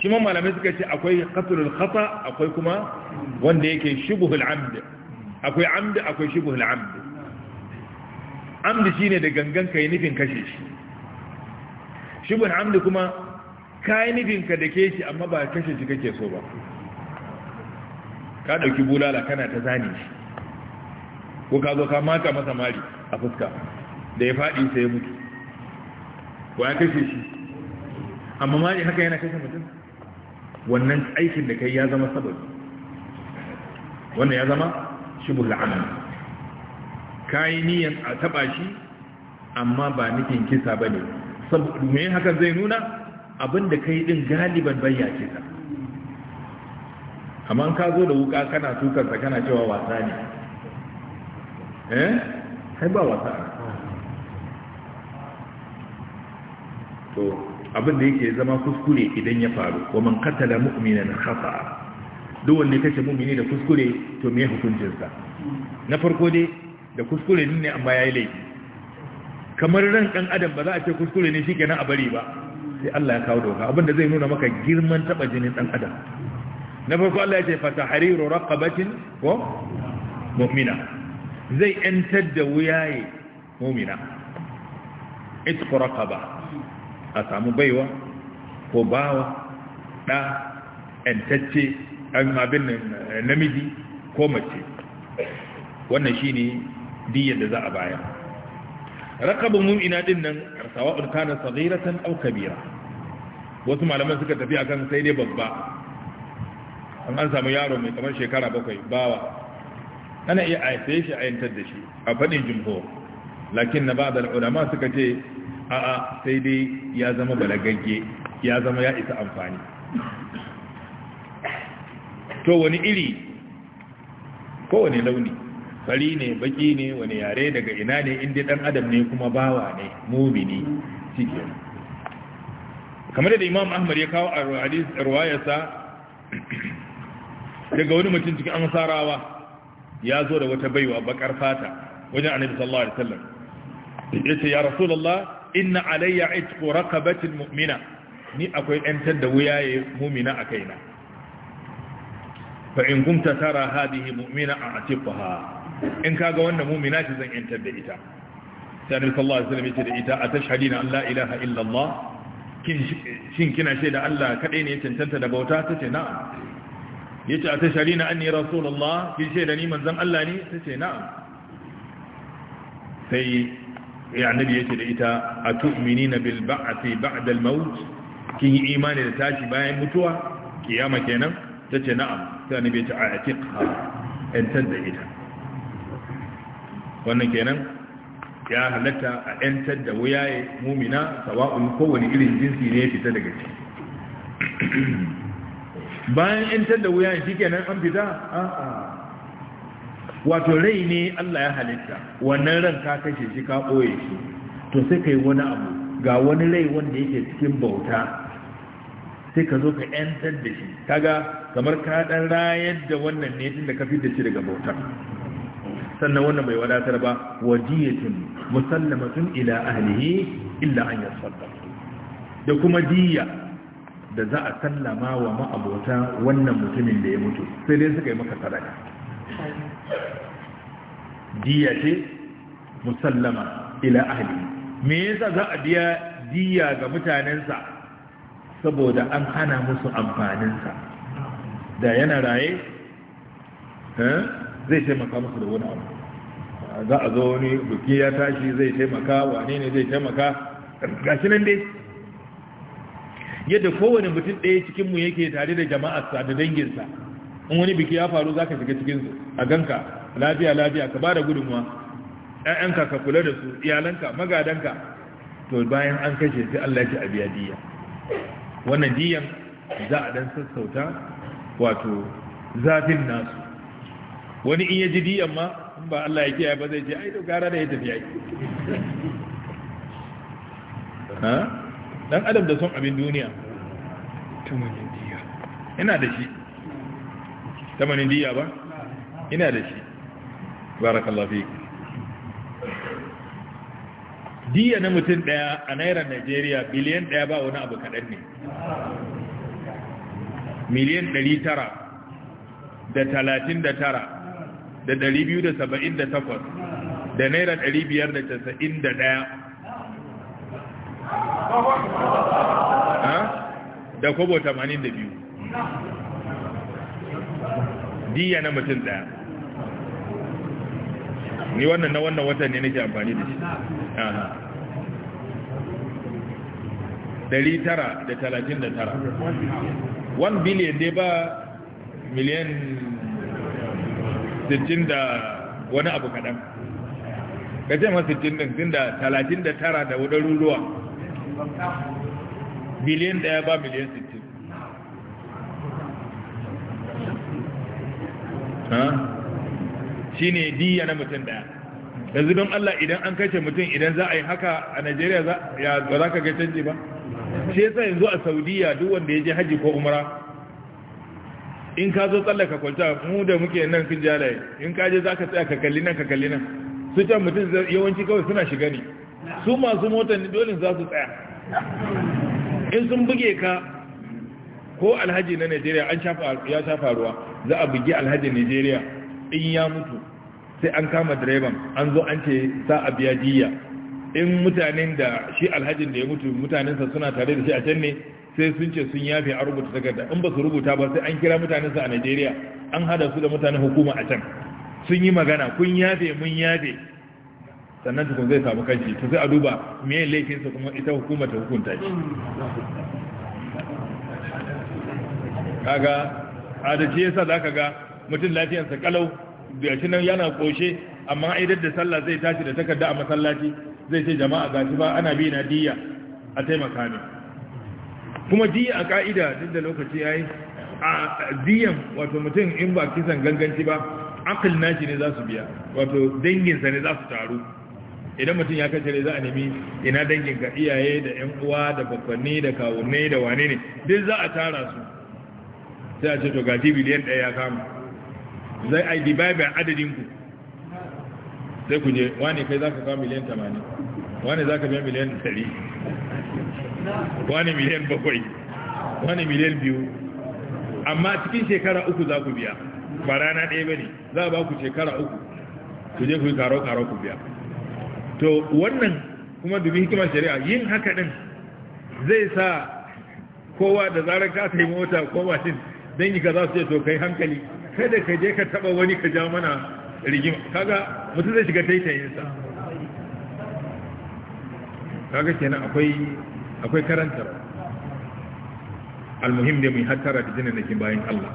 shi ma malamai suka ce akwai qatlul kasa akwai kuma wanda yake shubuhul amd akwai amdi akwai shubuhul amdi shi shine da gangan yi nufin kashe shi shubuhul amd kuma ka yi nufin ka ke shi amma ba kashe shi kake so ba ka ɗauki bulala kana ta zane shi ko ka zo ka maka masa mari a fuska da ya faɗi sai ya mutu wa ya kashe shi amma ma ne haka yana kashe mutum wannan aikin da kai ya zama sababi wannan ya zama shibul la'amal kayi niyan a taba shi amma ba nufin kisa ba ne saboda mai hakan zai nuna abinda kai din galiban bayya kisa amma ka zo da wuka kana tukarsa kana cewa wasa ne eh sai ba wasa to abin da yake zama kuskure idan ya faru wa man qatala mu'minan khata duk wanda yake kashe mu'mini da kuskure to me hukuncin sa na farko dai da kuskure ne amma yayi laifi kamar ran dan adam ba za a ce kuskure ne shikenan a bari ba sai Allah ya kawo doka abin da zai nuna maka girman taba jinin dan adam na farko Allah ya ce tahriru raqabatin wa mu'mina zai antar da wuyaye mu'mina itqu raqaba a samu baiwa ko bawa ɗa ‘yantacce abin eh, namiji ko mace wannan shi ne biyan da za a baya rakabin mu'ina ɗin nan karsawa urkanar tsagiratan au wasu malaman suka tafi akan sai dai babba an an samu yaro mai kamar shekara bakwai bawa ana iya aife shi a yantar da shi a faɗin jimho lakin na ba da ulama suka ce a'a sai dai ya zama balagagge ya zama ya isa amfani to wani iri ko wani launi fari ne baki ne wani yare daga ina ne inda dan adam ne kuma bawa ne mumini cikin. kamar da imam ahmad ya kawo a ruwayarsa daga wani mutum cikin ansarawa ya zo da wata baiwa bakar fata wajen annabi sallallahu alaihi wasallam yace ya rasulullah inna alayya itqu raqabatin mu'mina ni akwai yantar da wuyaye mu'mina a kaina fa in kunta tara hadhihi mu'mina a'tiqha in kaga wannan mu'mina ce zan yantar da ita sai annabi sallallahu alaihi wasallam ya ce da ita atashhadina an la ilaha illa allah shin kina da Allah kadai ne ya cancanta da bauta tace na'am yace atashhadina anni rasulullah kin da ni manzon Allah ne tace na'am sai ya annabi yace da ita atu'minina bil ba'thi ba'da al maut kin yi imani da tashi bayan mutuwa kiyama kenan tace na'am sai annabi yace a'tiqha entan da ita wannan kenan ya halatta a entar da wayaye mumina sawa'un kowane irin jinsi ne ya fita daga ciki bayan entar da shi kenan an fita a'a wato rai ne Allah ya halitta wannan ran ka kashe shi ka ɓoye shi to sai ka yi wani abu ga wani rai wanda yake cikin bauta sai ka zo ka ‘yantar da shi kaga kamar ka ɗan rayar da wannan ne tun da ka da shi daga bautar sannan wannan bai wadatar ba wajiyatun musallamatun ila ahlihi illa an yasadda da kuma diya da za a sallama wa ma'abota wannan mutumin da ya mutu sai dai suka yi maka sadaka diya ce musallama ila ahli me yasa za a biya diya ga mutanensa saboda an hana musu amfaninsa da yana raye eh, zai taimaka musu da wani abu za a zo wani buki ya tashi zai taimaka wane ne zai taimaka gashi nan dai yadda kowane mutum ɗaya cikinmu yake tare da jama'arsa da danginsa in wani biki ya faru zaka shiga cikin su a ganka lafiya lafiya ka bada gudunmuwa 'ya'yanka ka kula da su iyalanka magadanka to bayan an kashe sai Allah ya a abiya diya wannan diyan za a dan sassauta wato zafin nasu wani in ya ji diyan ma in ba Allah ya kiyaye ba zai ce ai gara da ya tafi ai dan adam da son abin duniya to mun diya ina da shi tamanin diya ba ina da shi barakallahu fi diya na mutum daya a naira Najeriya biliyan daya ba wani abu kaɗan ne miliyan ɗari tara da talatin da tara da ɗari biyu da saba'in da takwas da naira ɗari biyar da casa'in da ɗaya da kobo tamanin da biyu diya na mutum daya ni wannan na wannan watan ne nake amfani da shi Dari tara da talatin da tara 1 biliyan dai ba miliyan 60 da wani abu kaɗan ka ce ma 60 din tun da talatin da tara da wadannan biliyan daya ba miliyan 60 shi ne diya na mutum daya yanzu don Allah idan an kashe mutum idan za a yi haka a Najeriya ba za ka ga canji ba shi yasa yanzu a Saudiya duk wanda ya je haji ko umara in ka zo tsallaka kwanta, mu da muke nan sun jalaye in ka je za ka tsaya ka kalli nan ka kalli nan su can mutum yawanci kawai suna shiga ne su masu motar ne dole za su tsaya in sun buge ka ko alhaji na Najeriya an shafa ya shafa ruwa za a bugi alhajin Najeriya in ya mutu sai an kama direban an zo an ce sa a biya jiya in mutanen da shi alhajin da ya mutu mutanensa suna tare da shi a can ne sai sun ce sun yafe a rubuta takarda in ba su rubuta ba sai an kira mutanensa a Najeriya an hada su da mutanen hukuma a can sun yi magana kun yafe mun yafe sannan tukun zai samu kanci to sai a duba me laifinsa kuma ita hukumar ta hukunta shi kaga a da shi yasa zaka ga mutum lafiyarsa kalau da shi nan yana koshe amma aidar da sallah zai tashi da takarda a masallaci zai ce jama'a gashi ba ana bi na diya a taimaka ne kuma diya a ka'ida duk da lokaci yayi a diyan wato mutum in ba kisan ganganci ba akil nashi ne za su biya wato danginsa ne za su taru idan mutum ya kace ne za a nemi ina danginka iyaye da yan uwa da bakwanni da kawunne da wane ne duk za a tara su sai a ce to gaji biliyan ɗaya ya kama zai a yi dibaibin adadinku sai ku je wani kai za ka kama miliyan tamanin wani za ka biya miliyan ɗari wani miliyan bakwai wani miliyan biyu amma cikin shekara uku za ku biya ba rana ɗaya ba ne za ba ku shekara uku ku je ku yi karo-karo ku biya to wannan kuma dubi hikimar shari'a yin haka ɗin zai sa kowa da zarar ka yi mota ko mashin dan yi kaza su ce to kai hankali kada ka je ka taba wani ka ja mana rigima kaga mutum zai shiga taitayin sa kaga kenan akwai akwai karanta almuhim da mu hattara da jinin nakin bayan Allah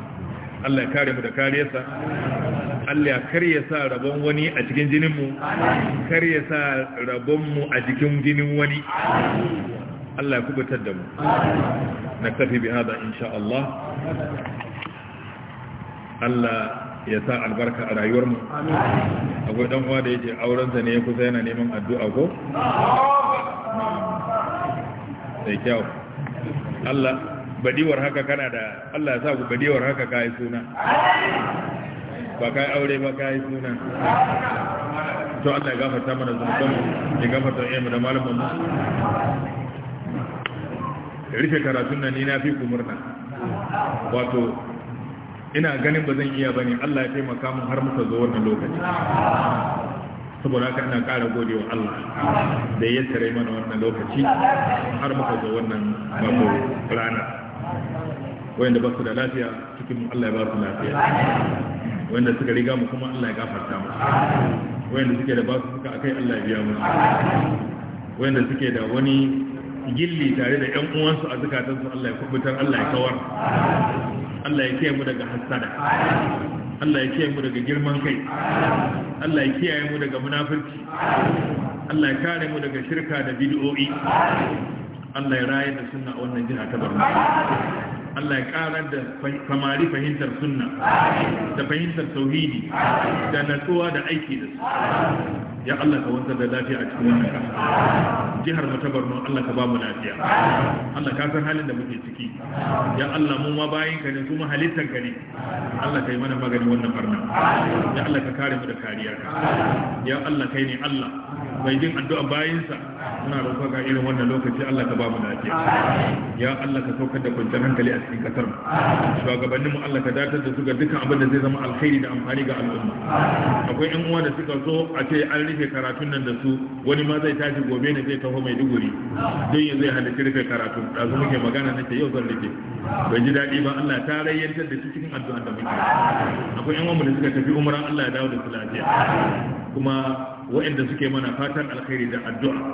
Allah ya kare mu da kariyarsa Allah ya karya sa rabon wani a cikin jinin mu karya sa rabon mu a cikin jinin wani Allah ya kubutar da mu نكتفي بهذا إن شاء الله Allah ya sa albarka a rayuwar mu akwai dan uwa da yake auren sa ne ya kusa yana neman addu'a ko sai kyau Allah badiwar haka kana da Allah ya sa ku badiwar haka kai suna ba kai aure ba kai suna to Allah ya gafarta mana zunuban ya gafarta mu da malamin mu rufe karatun nan ni na fi ku murna wato ina ganin ba zan iya ba ne Allah ya taimaka mun har muka zo wannan lokaci saboda haka ina ƙara gode wa Allah da ya tare mana wannan lokaci har muka zo wannan babu rana wanda ba su da lafiya cikin Allah ya ba su lafiya wanda suka riga mu kuma Allah ya gafarta mu wanda suke da ba su suka akai Allah ya biya mu wanda suke da wani gilli tare da ƴan uwansu a zukatansu Allah ya kubutar Allah ya kawar Allah ya kiyaye mu daga hasada Allah ya kiyaye mu daga girman kai Allah ya kiyaye mu daga munafurci Allah ya kare mu daga shirka da bid'o'i Allah ya rayar da sunna a wannan jiha ta Borno Allah ya ƙara da samari fahimtar sunna da fahimtar tauhidi da natsuwa da aiki da su ya Allah ka wanzar da lafiya a cikin wannan ƙasa. jihar mu ta Borno Allah ka ba mu lafiya Allah ka san halin da muke ciki ya Allah mu ma bayin ka ne kuma halittar ka ne Allah kai mana magani wannan barna ya Allah ka kare mu da kariya ya Allah kai ne Allah mai jin addu'a bayinsa muna roƙon ga irin wannan lokaci Allah ka ba mu lafiya ya Allah ka saukar da kwanciyar hankali a cikin kasar mu shugabannin mu Allah ka datar da su ga dukkan abin da zai zama alkhairi da amfani ga al'umma akwai ƴan uwa da suka so a ce an rufe karatun nan da su wani ma zai tashi gobe ne zai taho mai duguri don ya zai halarci rufe karatu da su muke magana nake yau zan rufe bai ji daɗi ba Allah ta rayyantar da su cikin addu'a da muke akwai ƴan uwa da suka tafi umra Allah ya dawo da su lafiya kuma waɗanda suke mana fatan alkhairi da addu'a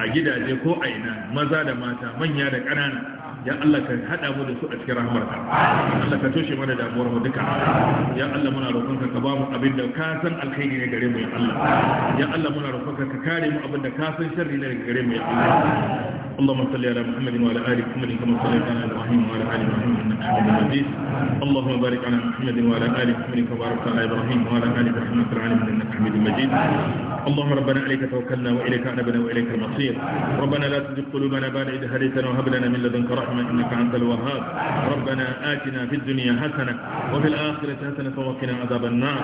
a gidaje ko a ina maza da mata manya da ƙanana ya Allah ka hada mu da su a cikin rahmarka Allah ka toshe mana damuwar mu duka ya Allah muna roƙonka ka ba mu abin da ka san alkhairi ne gare mu ya Allah ya Allah muna roƙonka ka kare mu abin da ka san sharri ne gare mu ya Allah اللهم صل على محمد وعلى ال محمد كما صليت على ابراهيم وعلى ال ابراهيم انك حميد مجيد اللهم بارك على محمد وعلى ال محمد كما باركت على ابراهيم وعلى ال ابراهيم في العالمين انك حميد مجيد اللهم ربنا عليك توكلنا واليك انبنا واليك المصير ربنا لا تزغ قلوبنا بعد إذ هديتنا وهب لنا من لدنك رحمه انك انت الوهاب ربنا آتنا في الدنيا حسنه وفي الاخره حسنه وقنا عذاب النار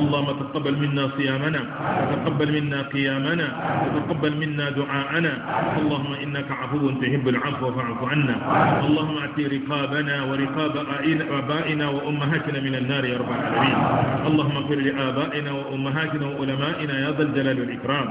اللهم تقبل منا صيامنا وتقبل منا قيامنا وتقبل منا دعاءنا اللهم انك عفو تحب العفو فاعف عنا اللهم اعطي رقابنا ورقاب آبائنا وأمهاتنا من النار يا رب العالمين اللهم اغفر لآبائنا وأمهاتنا وعلمائنا يا ذا الجلال والإكرام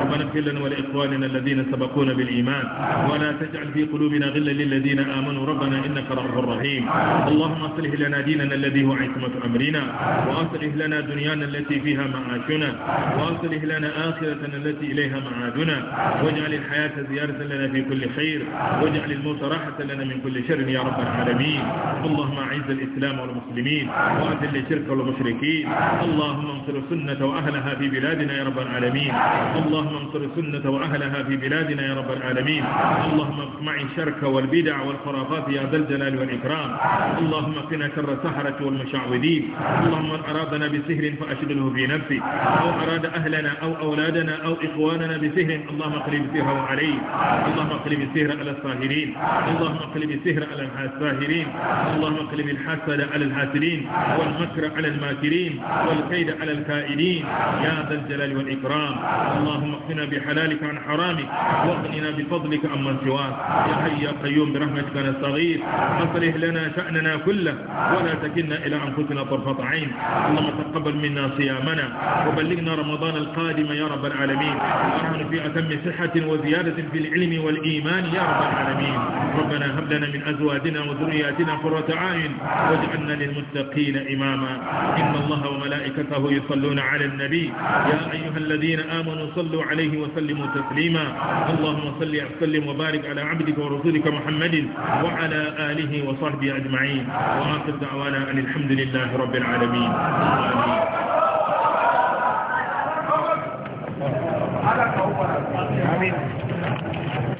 ربنا اغفر لنا ولإخواننا الذين سبقونا بالإيمان ولا تجعل في قلوبنا غلا للذين آمنوا ربنا إنك رب رحيم اللهم اصلح لنا ديننا الذي هو عصمة أمرنا وأصلح لنا دنيانا التي فيها معاشنا وأصلح لنا آخرتنا التي إليها معادنا واجعل الحياة زيارة لنا في كل خير واجعل الموت راحة لنا من كل شر يا رب العالمين اللهم أعز الإسلام والمسلمين وأذل الشرك والمشركين اللهم انصر السنة وأهلها في بلادنا يا رب العالمين اللهم انصر السنة وأهلها في بلادنا يا رب العالمين اللهم اقمع الشرك والبدع والخرافات يا ذا الجلال والإكرام اللهم قنا شر السحرة والمشعوذين اللهم من أرادنا بسهر فأشغله في نفسي أو أراد أهلنا أو أولادنا أو إخواننا بسهر اللهم اقلب سهره عليه اللهم اقلب السهر على الساهرين اللهم اقلب السهر على الساهرين اللهم اقلب الحسد على الحاسدين والمكر على الماكرين والكيد على الكائدين يا ذا الجلال والإكرام اللهم اقفنا بحلالك عن حرامك واغننا بفضلك عن من سواك يا حي يا قيوم برحمتك نستغيث أصلح لنا شأننا كله ولا تكلنا إلى أنفسنا طرفة عين اللهم تقبل منا صيامنا وبلغنا رمضان القادم يا رب العالمين ونحن في أتم صحة وزيادة في العلم والإيمان الإيمان يا رب العالمين ربنا هب لنا من أزواجنا وذرياتنا قرة عين واجعلنا للمتقين إماما إن الله وملائكته يصلون على النبي يا أيها الذين آمنوا صلوا عليه وسلموا تسليما اللهم صل وسلم وبارك على عبدك ورسولك محمد وعلى آله وصحبه أجمعين وآخر دعوانا أن الحمد لله رب العالمين آمين